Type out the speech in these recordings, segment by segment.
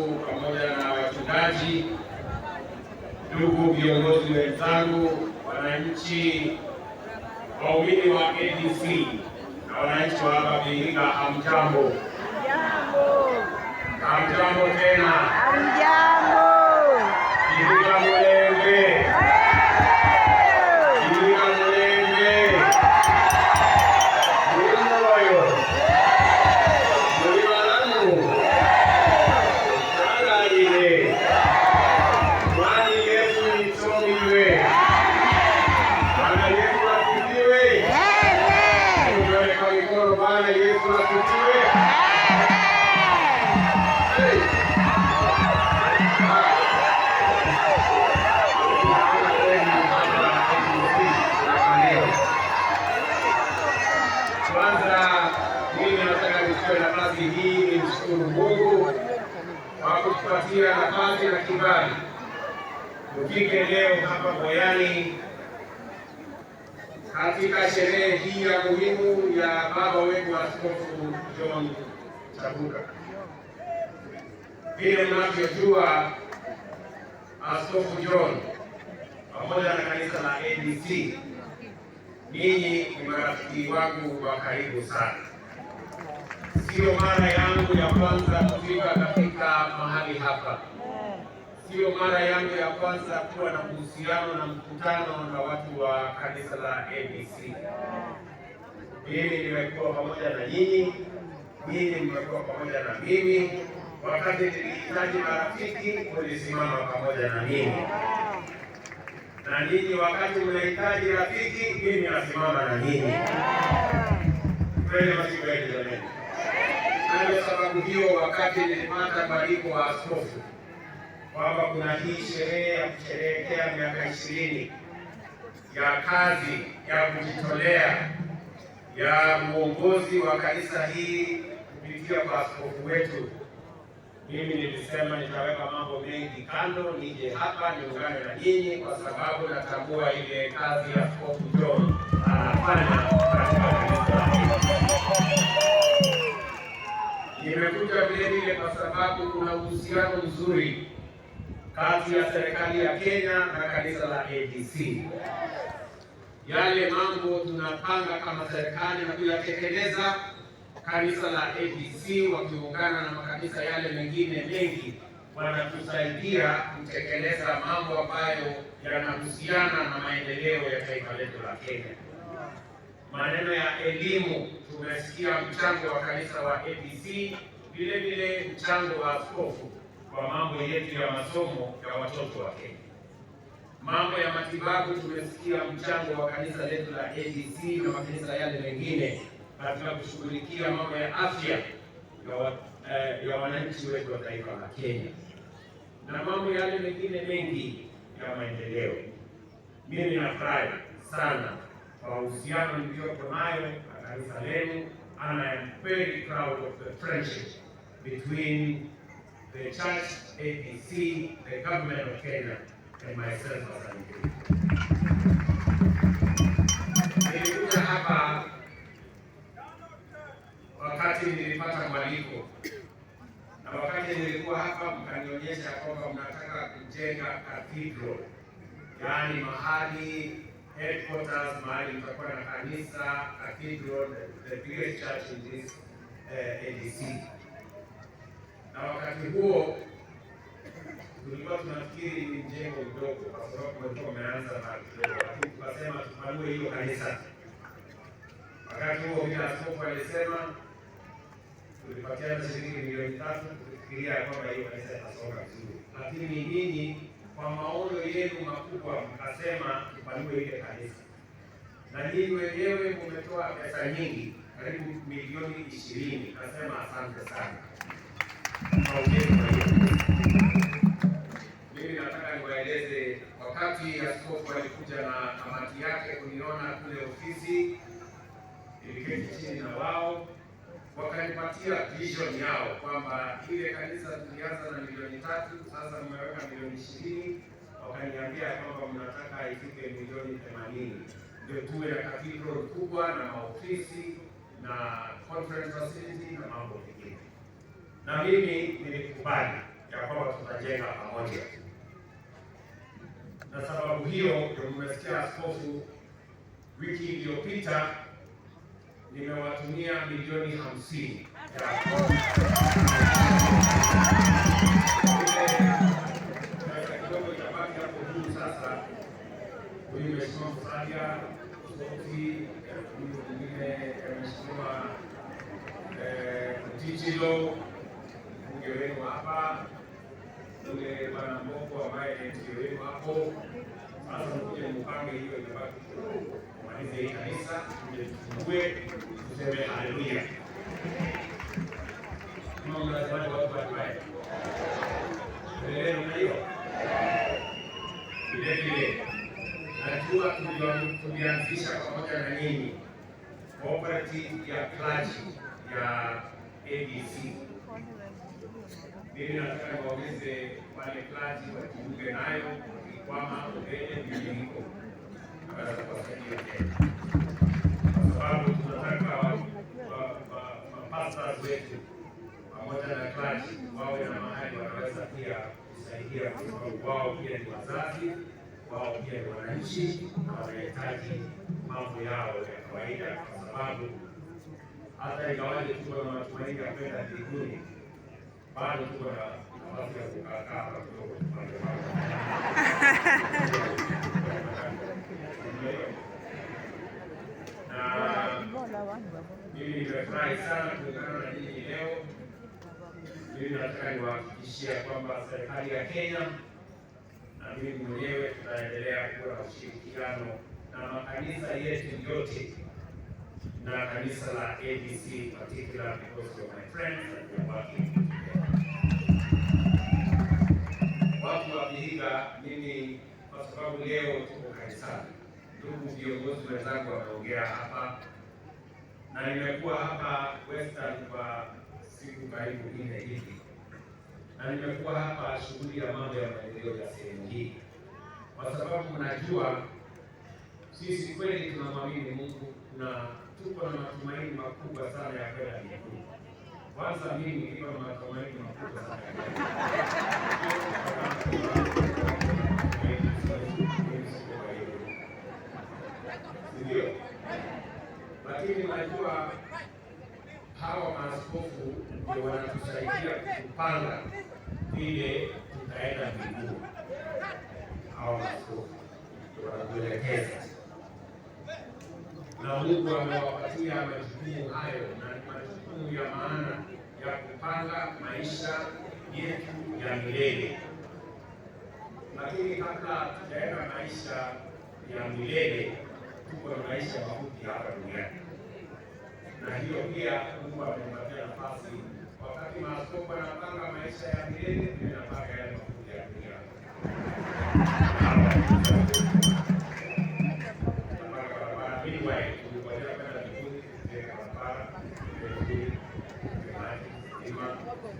wenzangu pamoja na wachungaji, ndugu viongozi wenzangu, wananchi, waumini wa ADC na wananchi wa hapa Vihiga, hamjambo? Hamjambo tena. tufike leo hapa Boyani katika sherehe hii ya muhimu ya baba wetu Askofu John Chabuka. Vile mnavyojua Askofu John pamoja na kanisa la ABC, ninyi ni marafiki wangu wa karibu sana. Sio mara yangu ya kwanza kufika katika mahali hapa sio mara yangu ya kwanza kuwa na uhusiano na mkutano na watu wa kanisa la ABC. Mimi nimekuwa pamoja na nyinyi, nyinyi mmekuwa pamoja na mimi. Wakati nilihitaji marafiki, mlisimama pamoja na mimi, na nyinyi wakati mnahitaji rafiki, mimi nasimama na nyinyi. Kweli jamani. Ndio sababu hiyo, wakati nilipata malipo wa askofu kwamba kuna hii sherehe ya kusherehekea miaka ishirini ya kazi ya kujitolea ya uongozi wa kanisa hii kupitia kwa askofu wetu. Mimi nilisema nitaweka mambo mengi kando, nije hapa niungane na nyinyi, kwa sababu natambua ile kazi ya askofu John anafanya katika kanisa. Nimekuja vilevile kwa sababu kuna uhusiano mzuri kati ya serikali ya Kenya na kanisa la ADC. Yale mambo tunapanga kama serikali na kuyatekeleza, kanisa la ADC wakiungana na makanisa yale mengine mengi wanatusaidia kutekeleza mambo ambayo yanahusiana na maendeleo ya taifa letu la Kenya. Maneno ya elimu, tumesikia mchango wa kanisa wa ADC, vile vile mchango wa askofu kwa mambo yetu ya masomo ya watoto wa Kenya. Mambo ya matibabu, tumesikia mchango wa kanisa letu la ABC na makanisa yale mengine katika kushughulikia mambo ya afya ya, wa, eh, ya wananchi wetu wa taifa la Kenya na mambo yale mengine mengi ya maendeleo. Mimi nafurahi sana kwa uhusiano niliyopo nayo na kanisa lenu and I am very proud of the friendship between the church, APC, the government of Kenya, and myself as an Nilikuja hapa wakati nilipata mwaliko na wakati nilikuwa hapa mkanionyesha kwamba mnataka kujenga cathedral, yaani mahali headquarters, mahali mtakuwa na kanisa cathedral, the biggest church in this uh, eh, ADC na wakati huo tulikuwa tunafikiri ni jengo dogo, kwa sababu walikuwa wameanza na kidogo, lakini tukasema tupanue hiyo kanisa. Wakati huo mimi askofu alisema, tulipatiana shilingi milioni tatu tukifikiria kwamba hiyo kanisa itasonga vizuri, lakini nyinyi kwa maono yenu makubwa mkasema tupanue ile kanisa, na nyinyi wenyewe mumetoa pesa nyingi, karibu milioni ishirini. Kasema asante sana. Mimi nataka niwaeleze, wakati askofu alikuja na kamati yake kuniona kule ofisi, niliketi chini na wao, wakanipatia vision yao kwamba ile kanisa tulianza na milioni tatu, sasa mmeweka milioni ishirini, wakaniambia kwamba mnataka ifike milioni themanini ndio tuwe na cathedral kubwa na maofisi na conference facility na mambo mengine na mimi nilikubali ya kwamba tutajenga pamoja, na sababu hiyo ndio mmesikia askofu, wiki iliyopita nimewatumia milioni hamsini kidogo itabaki hapo juu sasa. Huyu mheshimiwa Kusalia mwingine mheshimiwa Mtijilo ndio wenu hapa, yule bwana Mbongo ambaye ndio wenu hapo. Sasa mkuja mpange hiyo imebaki kumaliza hii kanisa, mfungue tuseme haleluya. Vilevile najua tulianzisha pamoja na nyinyi cooperative ya klaji ya ABC mimi nataka niwaulize wale klaji wajiunge nayo kwama ubele miliko akaweza kuwasaidia tena, kwa sababu tunataka mapastas wetu pamoja na klaji wawe na mahali wanaweza pia kusaidia, kwa sababu wao pia ni wazazi, wao pia ni wananchi na wanahitaji mambo yao ya kawaida, kwa sababu hata ingawaje tuko na watu wengi kwenda mbinguni, bado tuko na nafasi ya kukataa hapa kidogo Mimi nimefurahi sana kuungana na nyinyi leo. Mimi nataka niwahakikishia kwamba serikali ya Kenya na mimi mwenyewe tunaendelea kuwa na ushirikiano na makanisa yetu yote na kanisa la ABC particular because of my friends and they are working. Watu wa Vihiga, mimi kwa sababu leo tuko kanisani, ndugu viongozi wenzangu wameongea hapa na nimekuwa hapa Western kwa siku karibu nne hivi na nimekuwa hapa shughuli ya mambo ya maendeleo ya sehemu hii, kwa sababu unajua sisi kweli tunamwamini Mungu na tuko na matumaini makubwa sana ya kwenda mbinguni. Kwanza mimi niko na matumaini makubwa sana lakini najua hawa maaskofu ndio wanatusaidia kupanga vile tutaenda mbinguni. Hawa maaskofu ndio wanatuelekeza na Mungu amewapatia majukumu hayo, na ni majukumu ya maana ya kupanga maisha yetu ya milele. Lakini kabla tujaenda maisha ya milele, tuko na maisha mafupi hapa duniani, na hiyo pia Mungu amempatia nafasi. Wakati maaskofu anapanga maisha ya milele, pia anapanga yale mafupi ya duniani.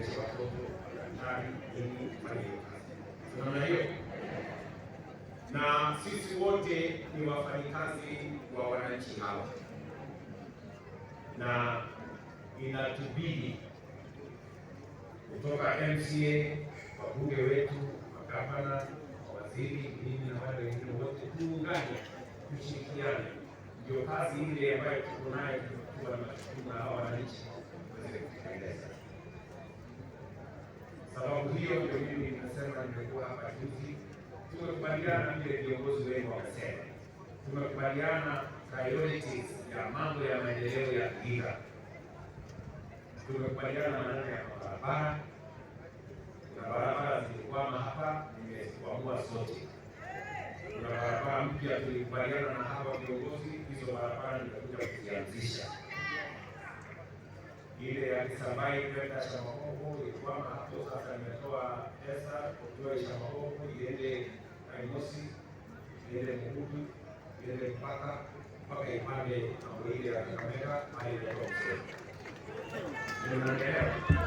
kuwezesha watoto madaktari ili kufanya hiyo hiyo, na sisi wote ni wafanyikazi wa wananchi hawa, na inatubidi kutoka MCA, wabunge wetu, magavana, waziri, mimi na wale wengine wote, tuungane, tushirikiane, ndio kazi ile ambayo tuko nayo tukiwa na hawa wananchi waweze kutekeleza sababu hiyo ndio mimi nimesema, nimekuwa hapa juzi, tumekubaliana vile viongozi wengi wamesema, tumekubaliana priorities ya mambo ya maendeleo ya Iringa, tumekubaliana maneno ya barabara na barabara zilikwama hapa, nimezikwamua zote. Kuna barabara mpya tulikubaliana na hapa viongozi, hizo barabara nimekuja kuzianzisha ile ya kwenda Shamba Hofu ilikuwa hapo sasa, nimetoa pesa kutoa Shamba iende Kaimosi, iende Mugubi, iende mpaka mpaka ipande na ile ya Kakamega hadi ya ndio kwa inaitwa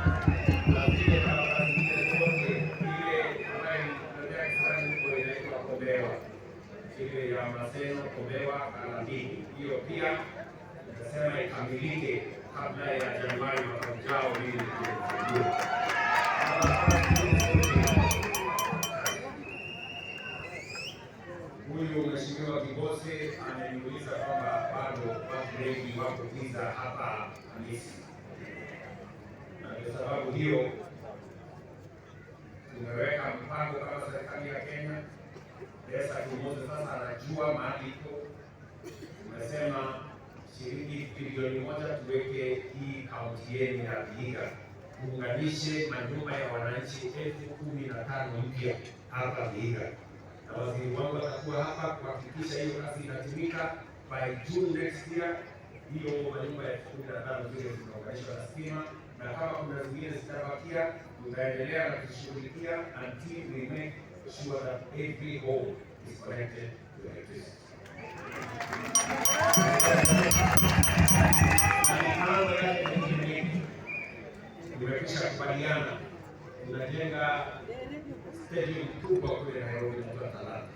Maseno Kobewa Kalambini, hiyo pia nasema ikamilike kabla ya Huyu mheshimiwa Kibose ameniuliza kwamba bado watu wako Kiza hapa Hamisi, na kwa sababu hiyo tumeweka mpango kama serikali ya Kenya. Pesa Kibose sasa anajua mahali iko, tumesema shilingi bilioni moja tuweke hii kaunti yenu ya Vihiga kuunganishe majumba ya wananchi elfu kumi na tano mpya hapa Vihiga, na waziri wangu atakuwa hapa kuhakikisha hiyo kazi inatumika by June next year. Hiyo majumba elfu kumi na tano zile zinaunganishwa na stima, na kama kuna zingine zitabakia, tutaendelea na kushughulikia until we make sure that every home is connected to electricity nimekwisha kubaliana, unajenga stadium kubwa kule Nairobi kwa Talanta,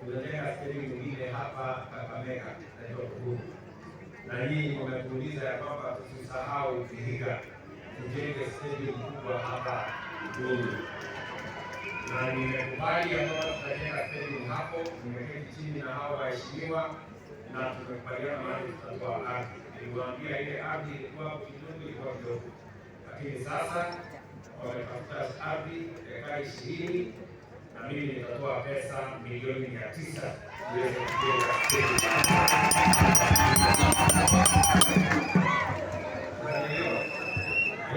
tunajenga stadium nyingine hapa Kakamega na Jokovu, na hii wamekuuliza ya kwamba tusisahau Vihiga, tujenge stadium kubwa hapa Lulu, na nimekubali ya tutajenga stadium hapo. Nimeketi chini na hao waheshimiwa na tumekubaliana mahali tutatoa ardhi. Niliwaambia ile ardhi ilikuwa kidogo, ilikuwa kidogo lakini sasa wametafuta ardhi ekari ishirini na mimi nitatoa pesa milioni mia tisa iweze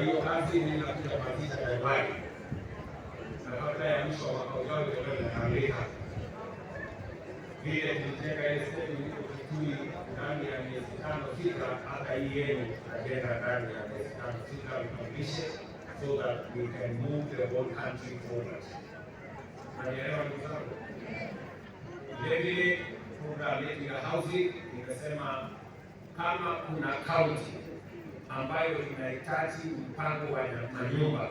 hiyo kazi inakuja kuanzisha Januari na kabla ya mwisho wa mwaka ujao itakuwa Vile tulijenga ile sehemu Kitui ndani ya miezi tano sita, hata hii yenu agenda ndani ya miezi tano sita ikamilishe, so that we can move the whole country forward. Nanielewa ndugu vilevile programu yetu ya housing imesema kama kuna kaunti ambayo inahitaji mpango wa manyumba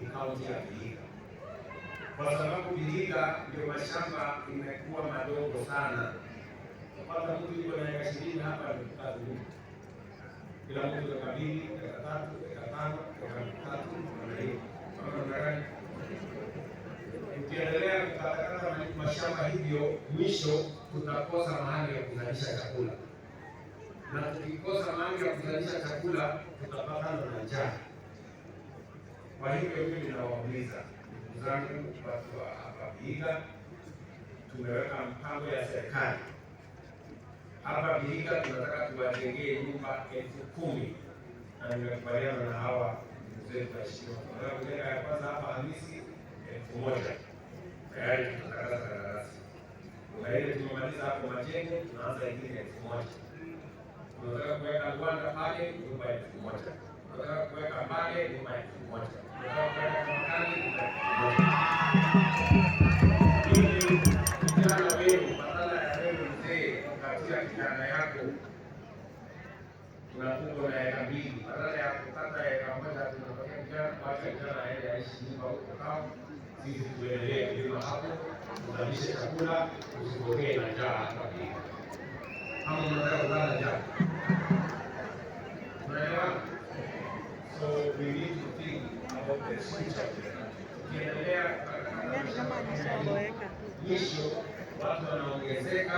ni kaunti ya Vihiga, kwa sababu Vihiga ndio mashamba imekuwa madogo sana kwanza mtu yuko na dakika ishirini hapa ni tatu kila mtu dakika mbili dakika tatu dakika tano dakika tatu aai ukiendelea kukatakata mashamba hivyo, mwisho tutakosa mahali ya kuzalisha chakula, na tukikosa mahali ya kuzalisha chakula tutapatana na njaa. Kwa hivyo mimi nawauliza ndugu zangu, watu wa hapa Vihiga, tumeweka mpango ya serikali hapa Vihiga tunataka tuwajengee nyumba elfu kumi na nimekubaliana na hawa wenzetu waheshimiwa. Kujenga ya kwanza hapa Hamisi elfu moja tayari tunatangaza kandarasi. Kuna ile tumemaliza hapo Majengo, tunaanza ingine elfu moja tunataka kuweka Luanda pale nyumba elfu moja tunataka kuweka pale nyumba elfu moja tunataka kuweka Makali nyumba elfu moja unakuja unaweka mbili badala ya kukata eka moja tunapata kijana kuacha kijana aende aishi nyumba huko kama sisi tuendelee kulima hapo, uzalishe chakula, usipokee na njaa hapa pia. Kama mnataka kulala njaa, unaelewa? So we need to think about the future. Ukiendelea mwisho watu wanaongezeka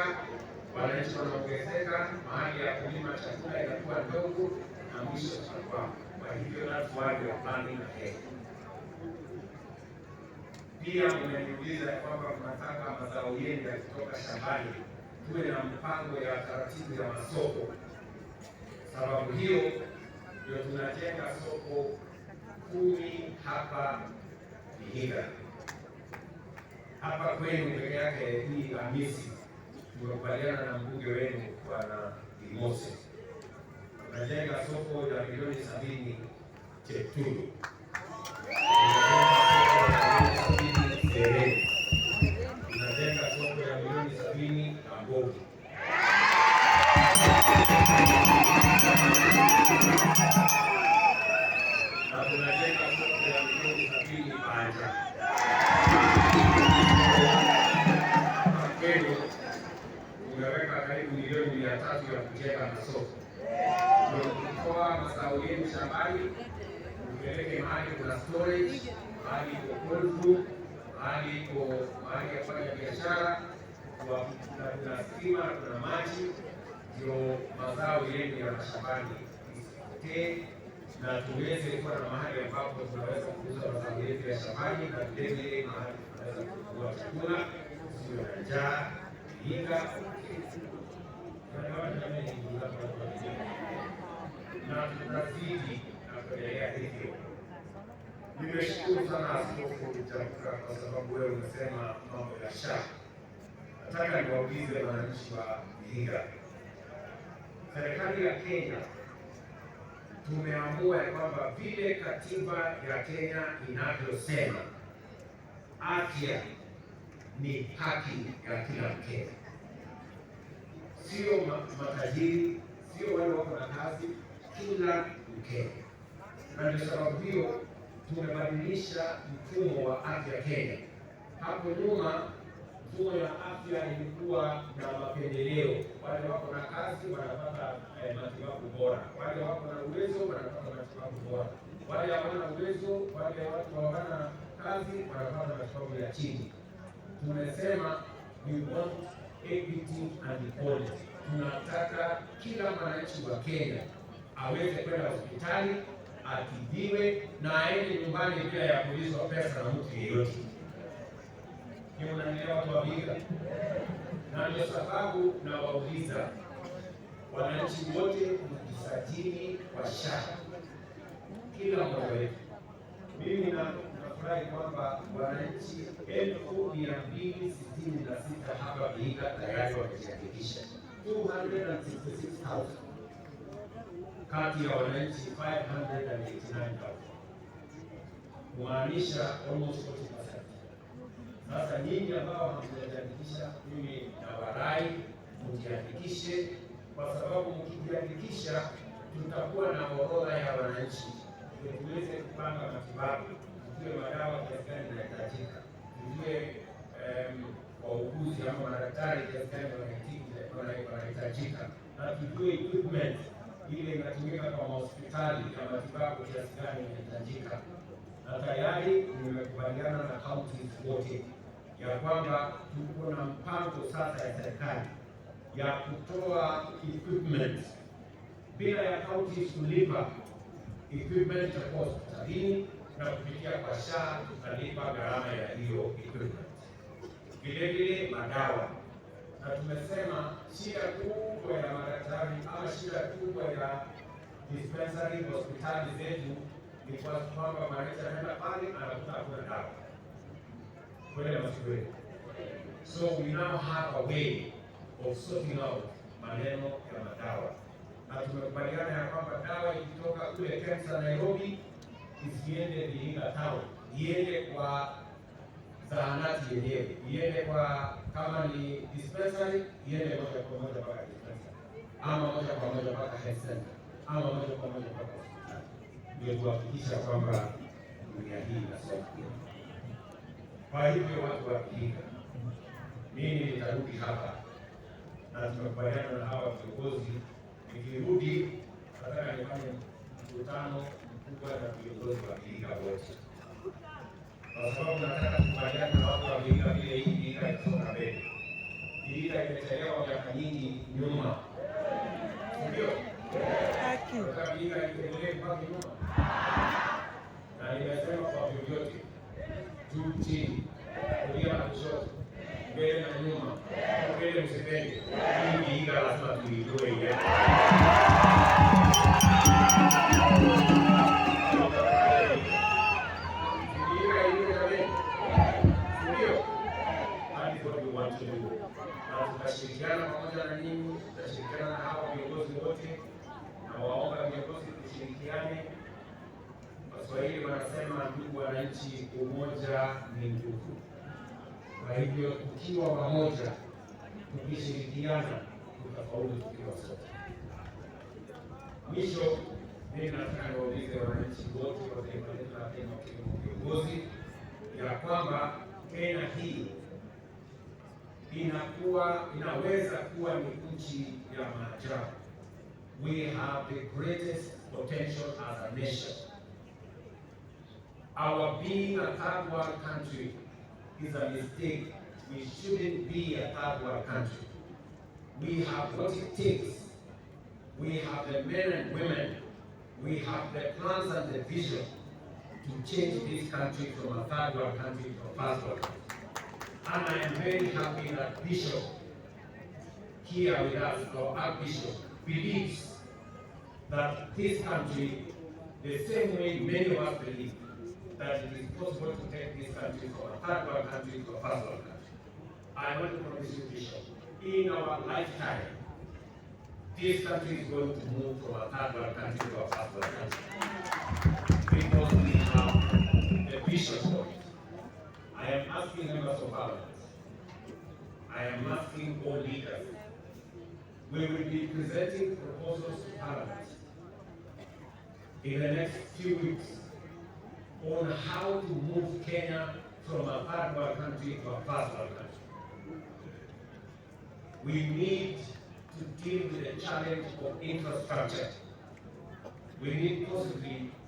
wananchi wanaongezeka, mahali ya kulima chakula inakuwa ndogo na mwisho utakuwa. Kwa hivyo watu waje wapande na heri. Pia mmeniuliza ya kwamba mnataka mazao yenu kutoka shambani tuwe na mpango ya taratibu ya masoko. Sababu hiyo ndio tunajenga soko kumi hapa Vihiga, hapa kwenu peke yake hii Hamisi kukubaliana na mbunge wenu Bwana Gimose, unajenga soko la milioni sabini Cheptulu, unajenga soko la milioni sabini Ambogi storage, mahali iko golfu, mahali iko mahali ya kufanya biashara, kuna stima, kuna maji, ndio mazao yenu ya mashambani isipotee, na tuweze kuwa na mahali ambapo tunaweza kuuza mazao yetu ya shambani na vilevile mahali tunaweza kuua chakula sio na njaa inga na tunazidi na kuendelea hivyo. Nimeshukuru sana Askofu Lutamka kwa sababu wewe umesema mambo ya shaka. Nataka niwaulize wananchi wa Iringa, serikali ya Kenya tumeamua ya kwamba vile katiba ya Kenya inavyosema afya ni haki ya kila Mkenya, sio matajiri, sio wale wako na kazi, kila Mkenya, na ndio sababu hiyo tumebadilisha mfumo wa afya Kenya. Hapo nyuma mfumo ya afya ilikuwa na mapendeleo, wale wako na kazi wanapata eh, matibabu bora, wale wako na uwezo wanapata matibabu bora, wale hawana uwezo, wale watu hawana kazi wanapata matibabu ya chini. Tumesema we want equity and equality, tunataka kila mwananchi wa Kenya aweze kwenda hospitali atibiwe na aende nyumbani bila ya kuulizwa pesa na mtu yeyote. Unanielewa watu wa Bika? Na ndio sababu nawauliza wananchi wote mjisajili kwa SHA, kila mmoja wetu. Mimi nafurahi kwamba wananchi elfu mia mbili sitini na sita hapa Bika tayari wamejiandikisha 266,000 kati ya wananchi 589,000 kumaanisha almost 40%. Sasa nyinyi ambao hamjajiandikisha, mimi nawarai mjiandikishe, kwa sababu mkijiandikisha tutakuwa na orodha ya wananchi tuweze kupanga matibabu, tujue madawa kiasi gani inahitajika, tujue wauguzi ama madaktari kiasi gani wanahitajika, na tujue equipment ile inatumika kwa mahospitali ya matibabu kiasi gani inahitajika, na tayari nimekubaliana na kaunti zote ya kwamba tuko na mpango sasa ya serikali ya kutoa equipment bila ya kaunti kulipa equipment ya hospitalini na kupitia kwa SHA tutalipa gharama ya hiyo equipment, vile vile madawa na tumesema shida kubwa ya madaktari ama shida kubwa ya dispensary hospitali zetu ni kwa kwamba mwananchi anaenda pale anakuta hakuna dawa kwenda mashule. So we now have a way of sorting out maneno ya madawa, na tumekubaliana ya kwamba dawa ikitoka kule KEMSA Nairobi isiende Vihiga town, iende kwa zahanati yenyewe, iende kwa kama ni dispensary iende moja kwa moja mpaka dispensary, ama moja kwa moja mpaka health center, ama moja kwa moja mpaka hospitali, ndio kuhakikisha kwamba dunia hii inasoma. Kwa hivyo watu wa Kinga, mimi nitarudi hapa na tumekubaliana na hawa viongozi, nikirudi nataka nifanye mkutano mkubwa na viongozi wa Kinga wote kwa sababu nataka na watu walivyo vile. Hii Geita itasonga mbele. Geita imechelewa miaka nyingi nyuma, ndio kwa iendelee kubaki nyuma, na nimesema kwa vyovyote, juu chini, kulia na kushoto, mbele na nyuma, mbele msipende, hii Geita lazima tuijue ile Waswahili wanasema ndugu wananchi, umoja ni nguvu. Kwa hivyo tukiwa pamoja, tukishirikiana, tutafaulu tukiwa sote. Mwisho mimi nataka niwaulize wananchi wote wa taifa letu la Kenya, wakiwemo viongozi, ya kwamba Kenya hii inakuwa inaweza kuwa ni nchi ya maajabu. We have the greatest potential as a nation. Our being a third world country is a mistake. We shouldn't be a third world country. We have what it takes. We have the men and women. We have the plans and the vision to change this country from a third world country to a first world country. And I am very happy that Bishop here with us, our Bishop, believes that this country, the same way many of us believe, that it is possible to take this country from a third world country to a first world country. I want to promise you people, in our lifetime, this country is going to move from a third world country to a first world country. Because we have a vision for it. I am asking members of parliament, I am asking all leaders, we will be presenting proposals to parliament in the next few weeks on how to move Kenya from a third world country to a first world country. We need to deal with the challenge of infrastructure. We need possibly